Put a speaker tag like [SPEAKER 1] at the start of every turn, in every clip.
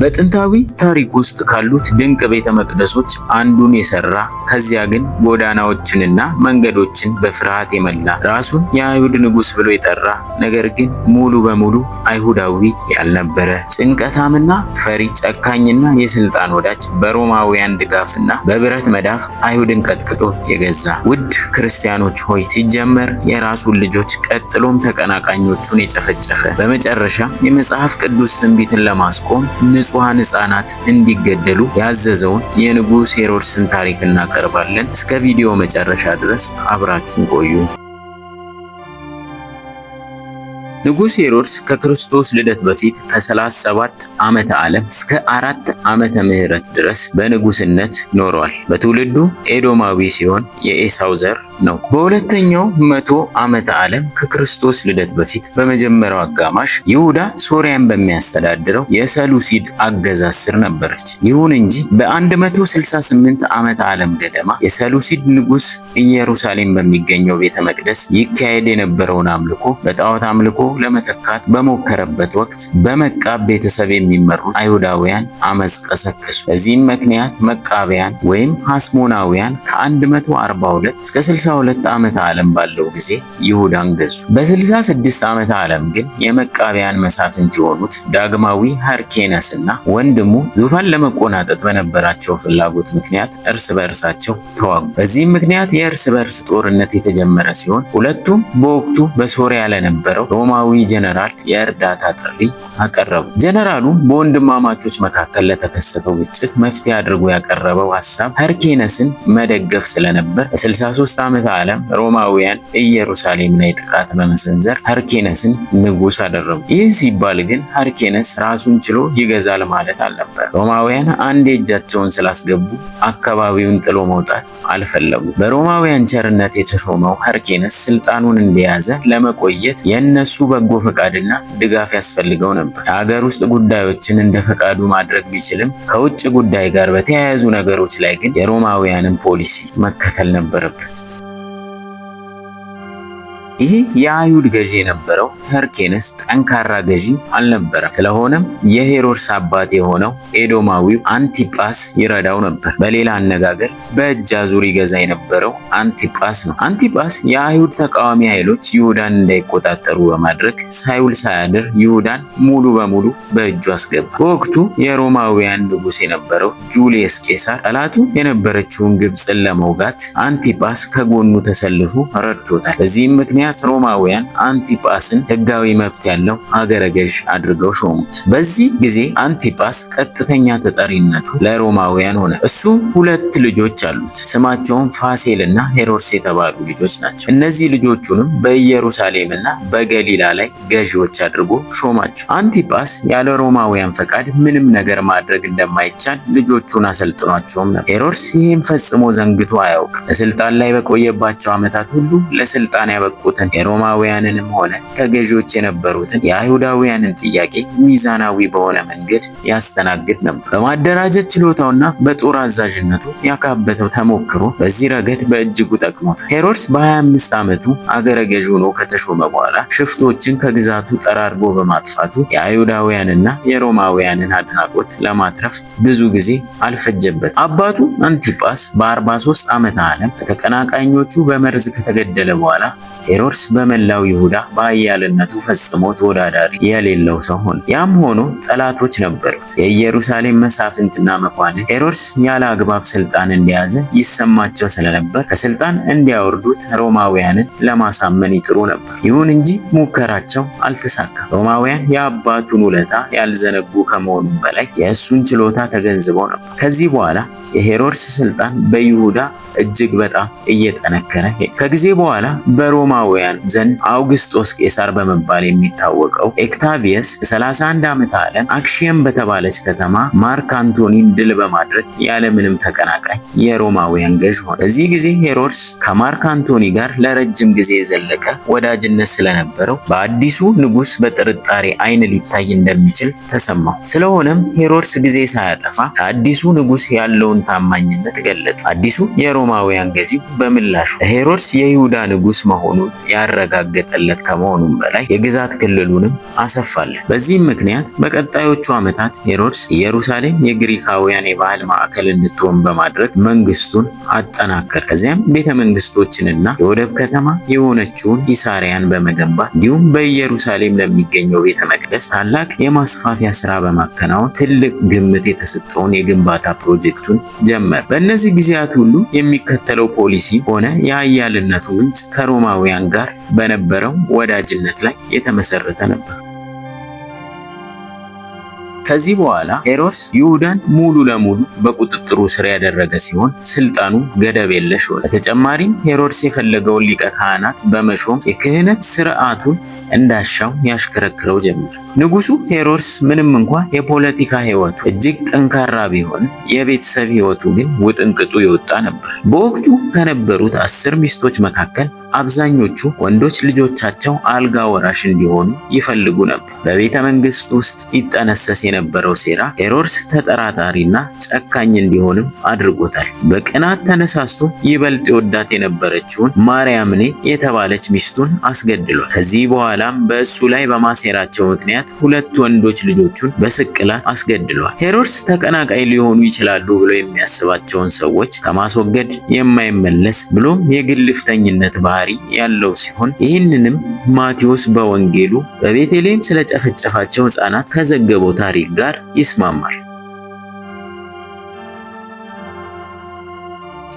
[SPEAKER 1] በጥንታዊ ታሪክ ውስጥ ካሉት ድንቅ ቤተ መቅደሶች አንዱን የሰራ ከዚያ ግን ጎዳናዎችንና መንገዶችን በፍርሃት የመላ ራሱን የአይሁድ ንጉሥ ብሎ የጠራ ነገር ግን ሙሉ በሙሉ አይሁዳዊ ያልነበረ ጭንቀታምና ፈሪ ጨካኝና የስልጣን ወዳጅ በሮማውያን ድጋፍና በብረት መዳፍ አይሁድን ቀጥቅጦ የገዛ ውድ ክርስቲያኖች ሆይ ሲጀመር የራሱን ልጆች ቀጥሎም ተቀናቃኞቹን የጨፈጨፈ በመጨረሻ የመጽሐፍ ቅዱስ ትንቢትን ለማስቆም ንጹሐን ህጻናት እንዲገደሉ ያዘዘውን የንጉሥ ሄሮድስን ታሪክ እናቀርባለን። እስከ ቪዲዮ መጨረሻ ድረስ አብራችን ቆዩ። ንጉሥ ሄሮድስ ከክርስቶስ ልደት በፊት ከ37 ዓመተ ዓለም እስከ አራት ዓመተ ምህረት ድረስ በንጉስነት ኖሯል። በትውልዱ ኤዶማዊ ሲሆን የኤሳው ዘር ነው። በሁለተኛው መቶ ዓመተ ዓለም ከክርስቶስ ልደት በፊት በመጀመሪያው አጋማሽ ይሁዳ ሶሪያን በሚያስተዳድረው የሰሉሲድ አገዛዝ ስር ነበረች። ይሁን እንጂ በ168 ዓመተ ዓለም ገደማ የሰሉሲድ ንጉሥ ኢየሩሳሌም በሚገኘው ቤተ መቅደስ ይካሄድ የነበረውን አምልኮ በጣዖት አምልኮ ለመተካት በሞከረበት ወቅት በመቃብ ቤተሰብ የሚመሩት አይሁዳውያን አመፅ ቀሰቀሱ። በዚህም ምክንያት መቃቢያን ወይም ሐስሞናውያን ከ142 እስከ 62 ዓመተ ዓለም ባለው ጊዜ ይሁዳን ገዙ። በ66 ዓመተ ዓለም ግን የመቃቢያን መሳፍንት የሆኑት ዳግማዊ ሐርኬነስና ወንድሙ ዙፋን ለመቆናጠጥ በነበራቸው ፍላጎት ምክንያት እርስ በእርሳቸው ተዋጉ። በዚህም ምክንያት የእርስ በእርስ ጦርነት የተጀመረ ሲሆን ሁለቱም በወቅቱ በሶሪያ ለነበረው ሮማ ለሮማዊ ጀነራል የእርዳታ ጥሪ አቀረቡ። ጀነራሉ በወንድማማቾች መካከል ለተከሰተው ግጭት መፍትሄ አድርጎ ያቀረበው ሀሳብ ሄርኬነስን መደገፍ ስለነበር በ63 ዓመተ ዓለም ሮማውያን ኢየሩሳሌም ላይ ጥቃት በመሰንዘር ሄርኬነስን ንጉስ አደረጉ። ይህ ሲባል ግን ሄርኬነስ ራሱን ችሎ ይገዛል ማለት አልነበር። ሮማውያን አንድ የእጃቸውን ስላስገቡ አካባቢውን ጥሎ መውጣት አልፈለጉ። በሮማውያን ቸርነት የተሾመው ሄርኬነስ ስልጣኑን እንደያዘ ለመቆየት የእነሱ በጎ ፈቃድና ድጋፍ ያስፈልገው ነበር። የሀገር ውስጥ ጉዳዮችን እንደ ፈቃዱ ማድረግ ቢችልም ከውጭ ጉዳይ ጋር በተያያዙ ነገሮች ላይ ግን የሮማውያንን ፖሊሲ መከተል ነበረበት። ይህ የአይሁድ ገዢ የነበረው ሄርኬንስ ጠንካራ ገዢ አልነበረም። ስለሆነም የሄሮድስ አባት የሆነው ኤዶማዊው አንቲጳስ ይረዳው ነበር። በሌላ አነጋገር በእጅ አዙር ይገዛ የነበረው አንቲጳስ ነው። አንቲጳስ የአይሁድ ተቃዋሚ ኃይሎች ይሁዳን እንዳይቆጣጠሩ በማድረግ ሳይውል ሳያድር ይሁዳን ሙሉ በሙሉ በእጁ አስገባ። በወቅቱ የሮማውያን ንጉሥ የነበረው ጁልየስ ቄሳር ጠላቱ የነበረችውን ግብፅን ለመውጋት አንቲጳስ ከጎኑ ተሰልፎ ረድቶታል። በዚህም ምክንያት ምክንያት ሮማውያን አንቲጳስን ሕጋዊ መብት ያለው አገረ ገዥ አድርገው ሾሙት። በዚህ ጊዜ አንቲጳስ ቀጥተኛ ተጠሪነቱ ለሮማውያን ሆነ። እሱ ሁለት ልጆች አሉት። ስማቸውም ፋሴል እና ሄሮድስ የተባሉ ልጆች ናቸው። እነዚህ ልጆቹንም በኢየሩሳሌም እና በገሊላ ላይ ገዢዎች አድርጎ ሾማቸው። አንቲጳስ ያለ ሮማውያን ፈቃድ ምንም ነገር ማድረግ እንደማይቻል ልጆቹን አሰልጥኗቸውም ነበር። ሄሮድስ ይህም ፈጽሞ ዘንግቶ አያውቅ። በስልጣን ላይ በቆየባቸው ዓመታት ሁሉ ለስልጣን ያበቁ የመጡትን የሮማውያንንም ሆነ ከገዢዎች የነበሩትን የአይሁዳውያንን ጥያቄ ሚዛናዊ በሆነ መንገድ ያስተናግድ ነበር። በማደራጀት ችሎታውና በጦር አዛዥነቱ ያካበተው ተሞክሮ በዚህ ረገድ በእጅጉ ጠቅሞታል። ሄሮድስ በ25 ዓመቱ አገረ ገዥ ሆኖ ከተሾመ በኋላ ሽፍቶችን ከግዛቱ ጠራርጎ በማጥፋቱ የአይሁዳውያንና የሮማውያንን አድናቆት ለማትረፍ ብዙ ጊዜ አልፈጀበትም። አባቱ አንቲጳስ በ43 ዓመተ ዓለም ከተቀናቃኞቹ በመርዝ ከተገደለ በኋላ ሄሮድስ በመላው ይሁዳ በኃያልነቱ ፈጽሞ ተወዳዳሪ የሌለው ሰው ሆነ። ያም ሆኖ ጠላቶች ነበሩት። የኢየሩሳሌም መሳፍንትና መኳንን ሄሮድስ ያለ አግባብ ስልጣን እንደያዘ ይሰማቸው ስለነበር ከስልጣን እንዲያወርዱት ሮማውያንን ለማሳመን ይጥሩ ነበር። ይሁን እንጂ ሙከራቸው አልተሳካም። ሮማውያን የአባቱን ውለታ ያልዘነጉ ከመሆኑ በላይ የእሱን ችሎታ ተገንዝበው ነበር። ከዚህ በኋላ የሄሮድስ ስልጣን በይሁዳ እጅግ በጣም እየጠነከረ ከጊዜ በኋላ በሮማ በሮማውያን ዘንድ አውግስጦስ ቄሳር በመባል የሚታወቀው ኤክታቪየስ 31 ዓመት ዓለም አክሽየም በተባለች ከተማ ማርክ አንቶኒን ድል በማድረግ ያለምንም ተቀናቃኝ የሮማውያን ገዥ ሆነ። በዚህ ጊዜ ሄሮድስ ከማርክ አንቶኒ ጋር ለረጅም ጊዜ የዘለቀ ወዳጅነት ስለነበረው በአዲሱ ንጉስ በጥርጣሬ አይን ሊታይ እንደሚችል ተሰማው። ስለሆነም ሄሮድስ ጊዜ ሳያጠፋ ከአዲሱ ንጉስ ያለውን ታማኝነት ገለጠ። አዲሱ የሮማውያን ገዢ በምላሹ ሄሮድስ የይሁዳ ንጉስ መሆኑን ያረጋገጠለት ከመሆኑም በላይ የግዛት ክልሉንም አሰፋለት። በዚህም ምክንያት በቀጣዮቹ ዓመታት ሄሮድስ ኢየሩሳሌም የግሪካውያን የባህል ማዕከል እንድትሆን በማድረግ መንግስቱን አጠናከር። ከዚያም ቤተ መንግስቶችንና የወደብ ከተማ የሆነችውን ኢሳሪያን በመገንባት እንዲሁም በኢየሩሳሌም ለሚገኘው ቤተ መቅደስ ታላቅ የማስፋፊያ ስራ በማከናወን ትልቅ ግምት የተሰጠውን የግንባታ ፕሮጀክቱን ጀመረ። በእነዚህ ጊዜያት ሁሉ የሚከተለው ፖሊሲ ሆነ የአያልነቱ ምንጭ ከሮማውያን ጋር በነበረው ወዳጅነት ላይ የተመሰረተ ነበር። ከዚህ በኋላ ሄሮድስ ይሁዳን ሙሉ ለሙሉ በቁጥጥሩ ስር ያደረገ ሲሆን ስልጣኑ ገደብ የለሽ ሆነ። በተጨማሪም ሄሮድስ የፈለገውን ሊቀ ካህናት በመሾም የክህነት ስርዓቱን እንዳሻው ያሽከረክረው ጀመር። ንጉሱ ሄሮድስ ምንም እንኳ የፖለቲካ ህይወቱ እጅግ ጠንካራ ቢሆን የቤተሰብ ህይወቱ ግን ውጥንቅጡ የወጣ ነበር። በወቅቱ ከነበሩት አስር ሚስቶች መካከል አብዛኞቹ ወንዶች ልጆቻቸው አልጋ ወራሽ እንዲሆኑ ይፈልጉ ነበር። በቤተ መንግስት ውስጥ ይጠነሰስ የነበ የነበረው ሴራ ሄሮድስ ተጠራጣሪና ጨካኝ እንዲሆንም አድርጎታል። በቅናት ተነሳስቶ ይበልጥ ወዳት የነበረችውን ማርያምኔ የተባለች ሚስቱን አስገድሏል። ከዚህ በኋላም በእሱ ላይ በማሴራቸው ምክንያት ሁለት ወንዶች ልጆቹን በስቅላት አስገድሏል። ሄሮድስ ተቀናቃይ ሊሆኑ ይችላሉ ብሎ የሚያስባቸውን ሰዎች ከማስወገድ የማይመለስ ብሎም የግልፍተኝነት ባህሪ ያለው ሲሆን ይህንንም ማቴዎስ በወንጌሉ በቤተልሔም ስለጨፈጨፋቸው ሕፃናት ከዘገበው ታሪክ ጋር ይስማማል።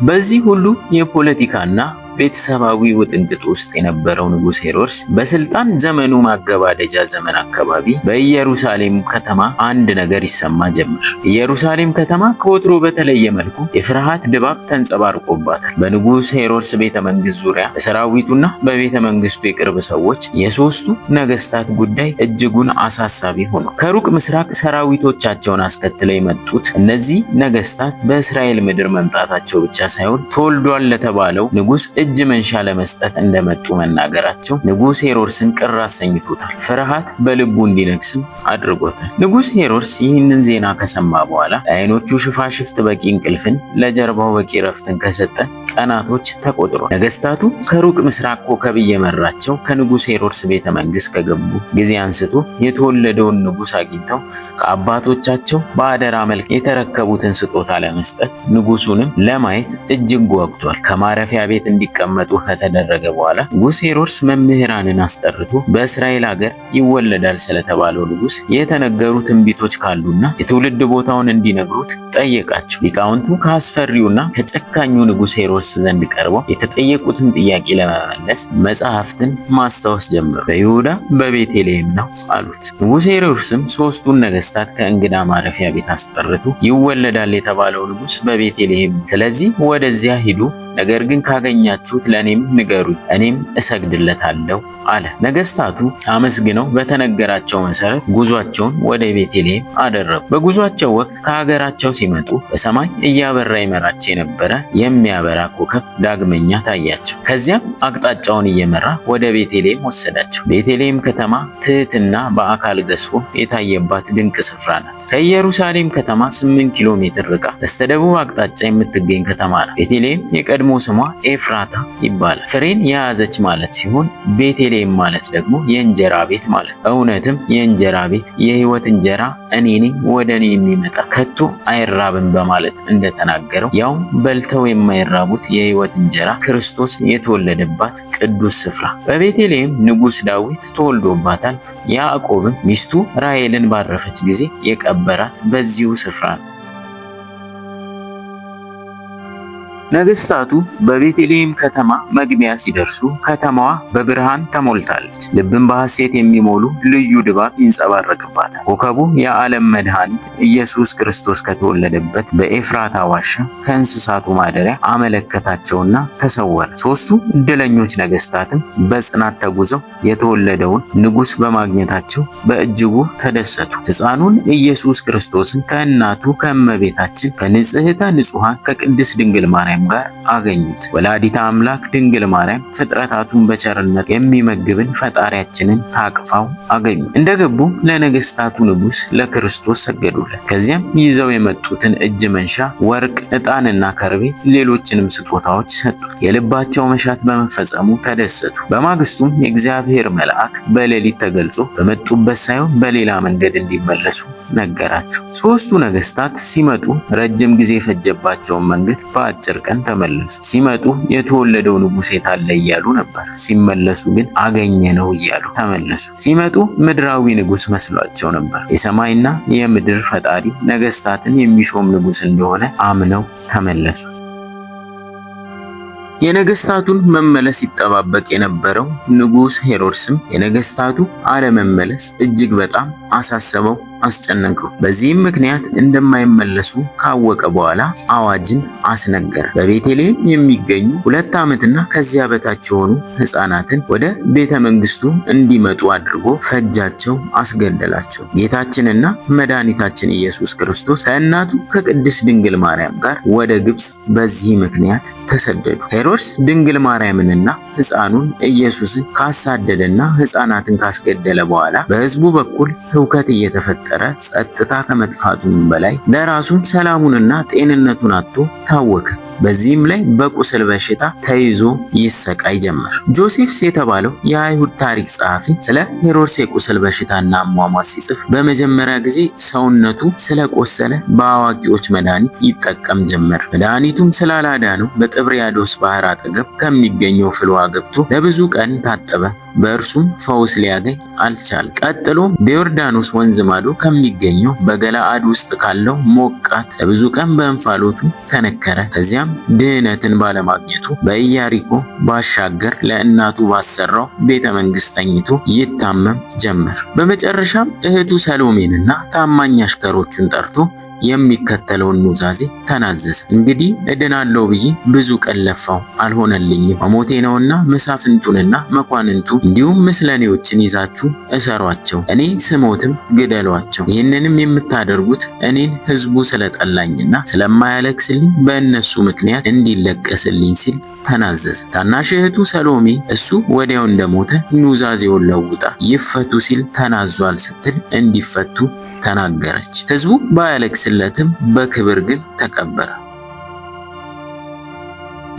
[SPEAKER 1] በዚህ ሁሉ የፖለቲካና ቤተሰባዊ ውጥንቅጥ ውስጥ የነበረው ንጉሥ ሄሮድስ በስልጣን ዘመኑ ማገባደጃ ዘመን አካባቢ በኢየሩሳሌም ከተማ አንድ ነገር ይሰማ ጀመር። ኢየሩሳሌም ከተማ ከወትሮ በተለየ መልኩ የፍርሃት ድባብ ተንጸባርቆባታል። በንጉሥ ሄሮድስ ቤተ መንግስት ዙሪያ በሰራዊቱና በቤተ መንግስቱ የቅርብ ሰዎች የሶስቱ ነገስታት ጉዳይ እጅጉን አሳሳቢ ሆኗል። ከሩቅ ምስራቅ ሰራዊቶቻቸውን አስከትለው የመጡት እነዚህ ነገስታት በእስራኤል ምድር መምጣታቸው ብቻ ሳይሆን ተወልዷል ለተባለው ንጉሥ እጅ መንሻ ለመስጠት እንደመጡ መናገራቸው ንጉሥ ሄሮድስን ቅር አሰኝቶታል። ፍርሃት በልቡ እንዲነግስም አድርጎታል። ንጉሥ ሄሮድስ ይህንን ዜና ከሰማ በኋላ ለአይኖቹ ሽፋሽፍት በቂ እንቅልፍን ለጀርባው በቂ ረፍትን ከሰጠ ቀናቶች ተቆጥሯል። ነገስታቱ ከሩቅ ምስራቅ ኮከብ እየመራቸው ከንጉሥ ሄሮድስ ቤተ መንግስት ከገቡ ጊዜ አንስቶ የተወለደውን ንጉሥ አግኝተው ከአባቶቻቸው በአደራ መልክ የተረከቡትን ስጦታ ለመስጠት ንጉሱንም ለማየት እጅግ ጓጉቷል። ከማረፊያ ቤት እንዲቀመጡ ከተደረገ በኋላ ንጉስ ሄሮድስ መምህራንን አስጠርቶ በእስራኤል ሀገር ይወለዳል ስለተባለው ንጉስ የተነገሩ ትንቢቶች ካሉና የትውልድ ቦታውን እንዲነግሩት ጠየቃቸው። ሊቃውንቱ ከአስፈሪውና ከጨካኙ ንጉስ ሄሮድስ ዘንድ ቀርበው የተጠየቁትን ጥያቄ ለመመለስ መጽሐፍትን ማስታወስ ጀመሩ። በይሁዳ በቤተልሔም ነው አሉት። ንጉስ ሄሮድስም ሶስቱን ነገስ ነገስታት ከእንግዳ ማረፊያ ቤት አስጠርቱ፣ ይወለዳል የተባለው ንጉስ በቤተልሔም። ስለዚህ ወደዚያ ሂዱ ነገር ግን ካገኛችሁት ለእኔም ንገሩኝ፣ እኔም እሰግድለታለሁ አለ። ነገስታቱ አመስግነው በተነገራቸው መሰረት ጉዟቸውን ወደ ቤተልሔም አደረጉ። በጉዟቸው ወቅት ከሀገራቸው ሲመጡ በሰማይ እያበራ ይመራቸው የነበረ የሚያበራ ኮከብ ዳግመኛ ታያቸው። ከዚያም አቅጣጫውን እየመራ ወደ ቤተልሔም ወሰዳቸው። ቤተልሔም ከተማ ትህትና በአካል ገዝፎ የታየባት ድንቅ ስፍራ ናት። ከኢየሩሳሌም ከተማ 8 ኪሎ ሜትር ርቃ በስተደቡብ አቅጣጫ የምትገኝ ከተማ ናት። ቤተልሔም የቀድሞ ስሟ ኤፍራታ ይባላል። ፍሬን የያዘች ማለት ሲሆን ቤቴሌም ማለት ደግሞ የእንጀራ ቤት ማለት ነው። እውነትም የእንጀራ ቤት የህይወት እንጀራ እኔ ነኝ፣ ወደ እኔ የሚመጣ ከቶ አይራብም በማለት እንደተናገረው ያውም በልተው የማይራቡት የህይወት እንጀራ ክርስቶስ የተወለደባት ቅዱስ ስፍራ በቤቴሌም ንጉሥ ዳዊት ተወልዶባታል። ያዕቆብም ሚስቱ ራሔልን ባረፈች ጊዜ የቀበራት በዚሁ ስፍራ ነው። ነገስታቱ በቤተልሔም ከተማ መግቢያ ሲደርሱ ከተማዋ በብርሃን ተሞልታለች። ልብን በሐሴት የሚሞሉ ልዩ ድባብ ይንጸባረቅባታል። ኮከቡ የዓለም መድኃኒት ኢየሱስ ክርስቶስ ከተወለደበት በኤፍራታ ዋሻ ከእንስሳቱ ማደሪያ አመለከታቸውና ተሰወረ። ሦስቱ እድለኞች ነገስታትም በጽናት ተጉዘው የተወለደውን ንጉሥ በማግኘታቸው በእጅጉ ተደሰቱ። ሕፃኑን ኢየሱስ ክርስቶስን ከእናቱ ከእመቤታችን ከንጽሕተ ንጹሐን ከቅድስት ድንግል ማርያም ማርያም ጋር አገኙት። ወላዲታ አምላክ ድንግል ማርያም ፍጥረታቱን በቸርነት የሚመግብን ፈጣሪያችንን ታቅፋው አገኙ። እንደገቡ ለነገስታቱ ንጉስ ለክርስቶስ ሰገዱለት። ከዚያም ይዘው የመጡትን እጅ መንሻ ወርቅ፣ ዕጣንና ከርቤ ሌሎችንም ስጦታዎች ሰጡት። የልባቸው መሻት በመፈጸሙ ተደሰቱ። በማግስቱም የእግዚአብሔር መልአክ በሌሊት ተገልጾ በመጡበት ሳይሆን በሌላ መንገድ እንዲመለሱ ነገራቸው። ሶስቱ ነገስታት ሲመጡ ረጅም ጊዜ የፈጀባቸውን መንገድ በአጭር ቀን ተመለሱ። ሲመጡ የተወለደው ንጉሥ የታለ እያሉ ነበር። ሲመለሱ ግን አገኘ ነው እያሉ ተመለሱ። ሲመጡ ምድራዊ ንጉሥ መስሏቸው ነበር። የሰማይና የምድር ፈጣሪ ነገስታትን የሚሾም ንጉሥ እንደሆነ አምነው ተመለሱ። የነገስታቱን መመለስ ይጠባበቅ የነበረው ንጉሥ ሄሮድስም የነገስታቱ አለመመለስ እጅግ በጣም አሳሰበው፣ አስጨነቀው። በዚህም ምክንያት እንደማይመለሱ ካወቀ በኋላ አዋጅን አስነገረ። በቤተልሔም የሚገኙ ሁለት ዓመትና ከዚያ በታች የሆኑ ሕፃናትን ወደ ቤተ መንግስቱ እንዲመጡ አድርጎ ፈጃቸው፣ አስገደላቸው። ጌታችንና መድኃኒታችን ኢየሱስ ክርስቶስ ከእናቱ ከቅድስት ድንግል ማርያም ጋር ወደ ግብፅ በዚህ ምክንያት ተሰደዱ። ሄሮድስ ድንግል ማርያምንና ሕፃኑን ኢየሱስን ካሳደደና ሕፃናትን ካስገደለ በኋላ በሕዝቡ በኩል ሁከት እየተፈጠረ ጸጥታ ከመጥፋቱም በላይ ለራሱም ሰላሙንና ጤንነቱን አጥቶ ታወከ። በዚህም ላይ በቁስል በሽታ ተይዞ ይሰቃይ ጀመር። ጆሴፍስ የተባለው የአይሁድ ታሪክ ጸሐፊ ስለ ሄሮድስ የቁስል በሽታና አሟሟት ሲጽፍ በመጀመሪያ ጊዜ ሰውነቱ ስለቆሰለ በአዋቂዎች መድኃኒት ይጠቀም ጀመር። መድኃኒቱም ስላላዳነው በጥብርያዶስ ባህር አጠገብ ከሚገኘው ፍልዋ ገብቶ ለብዙ ቀን ታጠበ። በእርሱም ፈውስ ሊያገኝ አልቻለም። ቀጥሎ በዮርዳኖስ ወንዝ ማዶ ከሚገኘው በገላአድ ውስጥ ካለው ሞቃት ለብዙ ቀን በእንፋሎቱ ከነከረ። ከዚያ ይሁዳም ድህነትን ባለማግኘቱ በኢያሪኮ ባሻገር ለእናቱ ባሰራው ቤተ መንግስት ተኝቶ ይታመም ጀመር። በመጨረሻም እህቱ ሰሎሜንና ታማኝ አሽከሮቹን ጠርቶ የሚከተለውን ኑዛዜ ተናዘዘ። እንግዲህ እድናለሁ ብዬ ብዙ ቀን ለፋው፣ አልሆነልኝም። መሞቴ ነውና መሳፍንቱንና መኳንንቱ እንዲሁም ምስለኔዎችን ይዛችሁ እሰሯቸው፣ እኔ ስሞትም ግደሏቸው። ይህንንም የምታደርጉት እኔን ህዝቡ ስለጠላኝና ስለማያለቅስልኝ በእነሱ ምክንያት እንዲለቀስልኝ ሲል ተናዘዘ። ታናሽ እህቱ ሰሎሜ እሱ ወዲያው እንደሞተ ኑዛዜውን ለውጣ ይፈቱ ሲል ተናዟል ስትል እንዲፈቱ ተናገረች። ህዝቡ ባያለቅስለትም በክብር ግን ተቀበረ።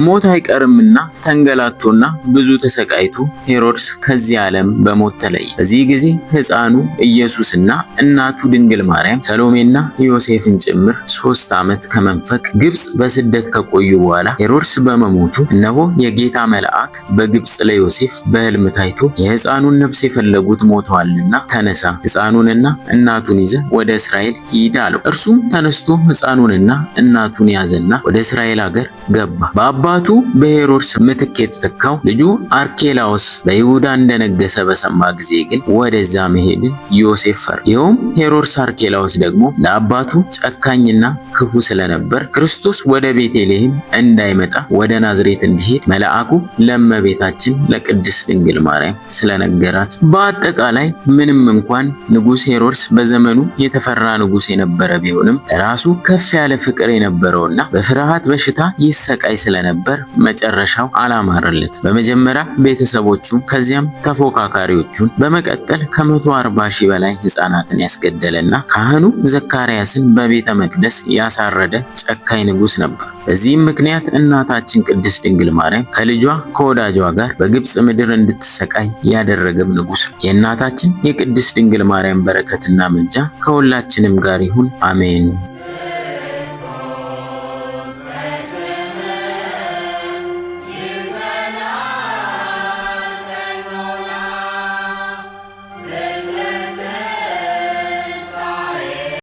[SPEAKER 1] ሞት አይቀርምና ተንገላቶና ብዙ ተሰቃይቶ ሄሮድስ ከዚህ ዓለም በሞት ተለየ። በዚህ ጊዜ ሕፃኑ ኢየሱስና እናቱ ድንግል ማርያም ሰሎሜና ዮሴፍን ጭምር ሶስት ዓመት ከመንፈቅ ግብፅ በስደት ከቆዩ በኋላ ሄሮድስ በመሞቱ እነሆ የጌታ መልአክ በግብፅ ለዮሴፍ በሕልም ታይቶ የሕፃኑን ነፍስ የፈለጉት ሞተዋልና ተነሳ፣ ሕፃኑንና እናቱን ይዘ ወደ እስራኤል ሂድ አለው። እርሱም ተነስቶ ሕፃኑንና እናቱን ያዘና ወደ እስራኤል አገር ገባ። አባቱ በሄሮድስ ምትክ የተተካው ልጁ አርኬላዎስ በይሁዳ እንደነገሰ በሰማ ጊዜ ግን ወደዛ መሄድን ዮሴፍ ፈር ይኸውም ሄሮድስ አርኬላዎስ ደግሞ ለአባቱ ጨካኝና ክፉ ስለነበር ክርስቶስ ወደ ቤተልሔም እንዳይመጣ ወደ ናዝሬት እንዲሄድ መልአኩ ለመቤታችን ለቅድስት ድንግል ማርያም ስለነገራት። በአጠቃላይ ምንም እንኳን ንጉሥ ሄሮድስ በዘመኑ የተፈራ ንጉሥ የነበረ ቢሆንም ራሱ ከፍ ያለ ፍቅር የነበረውና በፍርሃት በሽታ ይሰቃይ ስለነበር ነበር፣ መጨረሻው አላማረለት። በመጀመሪያ ቤተሰቦቹ፣ ከዚያም ተፎካካሪዎቹን፣ በመቀጠል ከ140 ሺህ በላይ ህፃናትን ያስገደለና ካህኑ ዘካርያስን በቤተ መቅደስ ያሳረደ ጨካኝ ንጉስ ነበር። በዚህም ምክንያት እናታችን ቅድስት ድንግል ማርያም ከልጇ ከወዳጇ ጋር በግብፅ ምድር እንድትሰቃይ ያደረገም ንጉስ ነው። የእናታችን የቅድስት ድንግል ማርያም በረከትና ምልጃ ከሁላችንም ጋር ይሁን፣ አሜን።